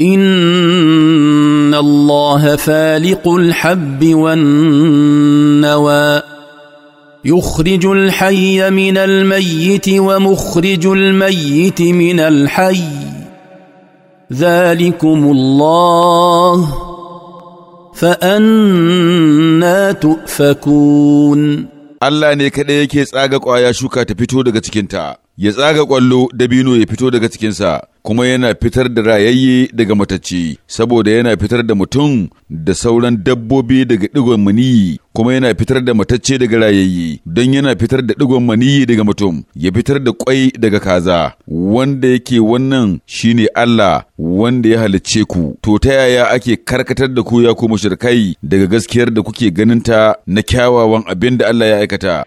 إن الله فالق الحب والنوى يخرج الحي من الميت ومخرج الميت من الحي ذلكم الله فأنا تؤفكون الله ne kaɗai yake tsaga ƙwaya shuka ta fito daga cikinta. ya tsaga ƙwallo dabino ya fito daga cikinsa, kuma yana fitar da rayayye daga matacce, saboda yana fitar da mutum da sauran dabbobi daga ɗigon maniyi, kuma yana fitar da matacce daga rayayye, don yana fitar da ɗigon maniyi daga mutum, ya fitar da ƙwai daga kaza, wanda yake wannan shine Allah wanda ya halicce ku, to ta yaya ake karkatar da ku ya ku mushrikai daga gaskiyar da kuke ganinta na kyawawan abin da Allah ya aikata.